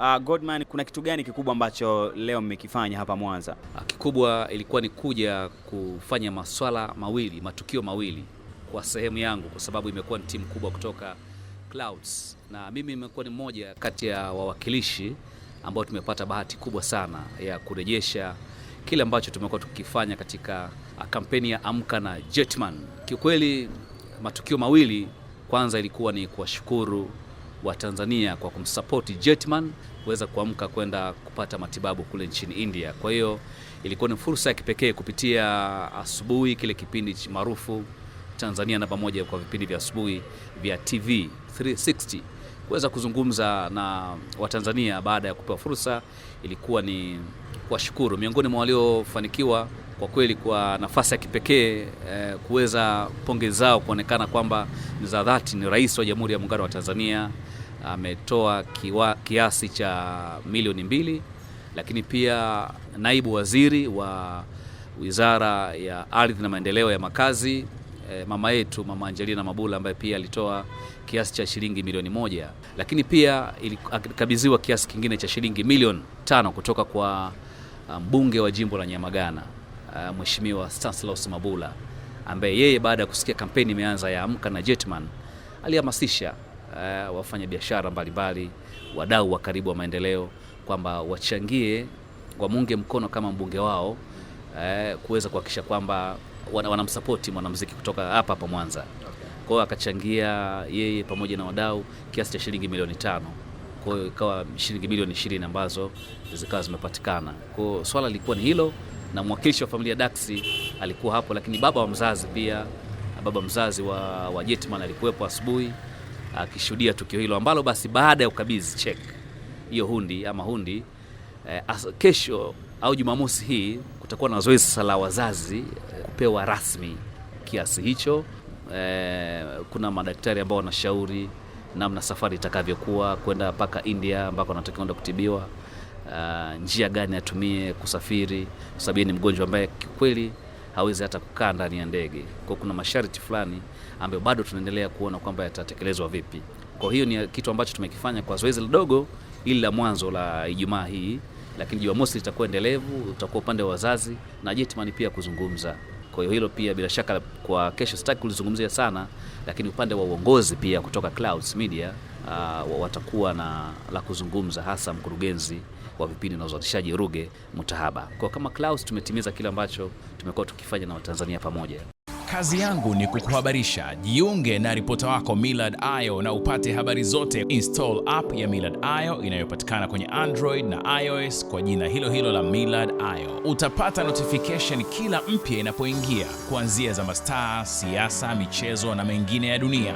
Uh, Godman, kuna kitu gani kikubwa ambacho leo mmekifanya hapa Mwanza? Ah, kikubwa ilikuwa ni kuja kufanya maswala mawili, matukio mawili kwa sehemu yangu, kwa sababu imekuwa ni timu kubwa kutoka Clouds na mimi nimekuwa ni mmoja kati ya wawakilishi ambao tumepata bahati kubwa sana ya kurejesha kile ambacho tumekuwa tukifanya katika ah, kampeni ya Amka na Jetman. Kiukweli matukio mawili, kwanza ilikuwa ni kuwashukuru Watanzania kwa kumsapoti Jetman kuweza kuamka kwenda kupata matibabu kule nchini India. Kwa hiyo ilikuwa ni fursa ya kipekee kupitia asubuhi, kile kipindi maarufu Tanzania na pamoja kwa vipindi vya asubuhi vya TV 360 kuweza kuzungumza na Watanzania baada ya kupewa fursa. Ilikuwa ni kuwashukuru miongoni mwa waliofanikiwa kwa kweli kwa nafasi ya kipekee eh, kuweza pongezi zao kuonekana kwamba ni za dhati, ni Rais wa Jamhuri ya Muungano wa Tanzania ametoa kiwa, kiasi cha milioni mbili, lakini pia naibu waziri wa Wizara ya Ardhi na Maendeleo ya Makazi eh, mama yetu mama Angelina Mabula ambaye pia alitoa kiasi cha shilingi milioni moja, lakini pia ilikabidhiwa kiasi kingine cha shilingi milioni tano kutoka kwa eh, mbunge wa jimbo la Nyamagana eh, Mheshimiwa Stanislaus Mabula ambaye yeye baada ya kusikia kampeni imeanza ya Amka na Jetman alihamasisha uh, wafanya biashara mbalimbali, wadau wa karibu wa maendeleo, kwamba wachangie, wamunge mkono kama mbunge wao uh, kuweza kuhakikisha kwamba wanamsapoti mwanamuziki kutoka hapa hapa Mwanza. Kwa hiyo akachangia yeye pamoja na wadau kiasi cha shilingi milioni tano. Kwa hiyo ikawa shilingi milioni ishirini ambazo zikawa zimepatikana. Kwa hiyo swala lilikuwa ni hilo, na mwakilishi wa familia Daxi alikuwa hapo, lakini baba wa mzazi pia, baba mzazi wa, wa Jetman alikuwepo asubuhi akishuhudia tukio hilo ambalo basi baada ya ukabidhi check hiyo hundi ama hundi eh, kesho au Jumamosi hii kutakuwa na zoezi sasa la wazazi eh, kupewa rasmi kiasi hicho. Eh, kuna madaktari ambao wanashauri namna safari itakavyokuwa kwenda mpaka India ambako anatakiwa kwenda kutibiwa. Uh, njia gani atumie kusafiri, kwa sababu ni mgonjwa ambaye kikweli hawezi hata kukaa ndani ya ndege. Kwa kuna masharti fulani ambayo bado tunaendelea kuona kwamba yatatekelezwa vipi. Kwa hiyo ni kitu ambacho tumekifanya kwa zoezi dogo ili la mwanzo la Ijumaa hii, lakini Jumamosi litakuwa endelevu, utakuwa upande wa wazazi na jetmani pia kuzungumza. Kwa hiyo hilo pia bila shaka kwa kesho sitaki kulizungumzia sana, lakini upande wa uongozi pia kutoka Clouds Media uh, watakuwa na la kuzungumza, hasa mkurugenzi wa vipindi na uzalishaji Ruge Mutahaba. Kwa kama Klaus, tumetimiza kile ambacho tumekuwa tukifanya na Watanzania pamoja. Kazi yangu ni kukuhabarisha. Jiunge na ripota wako Millard Ayo na upate habari zote. Install app ya Millard Ayo inayopatikana kwenye Android na iOS kwa jina hilo hilo la Millard Ayo. Utapata notification kila mpya inapoingia, kuanzia za mastaa, siasa, michezo na mengine ya dunia.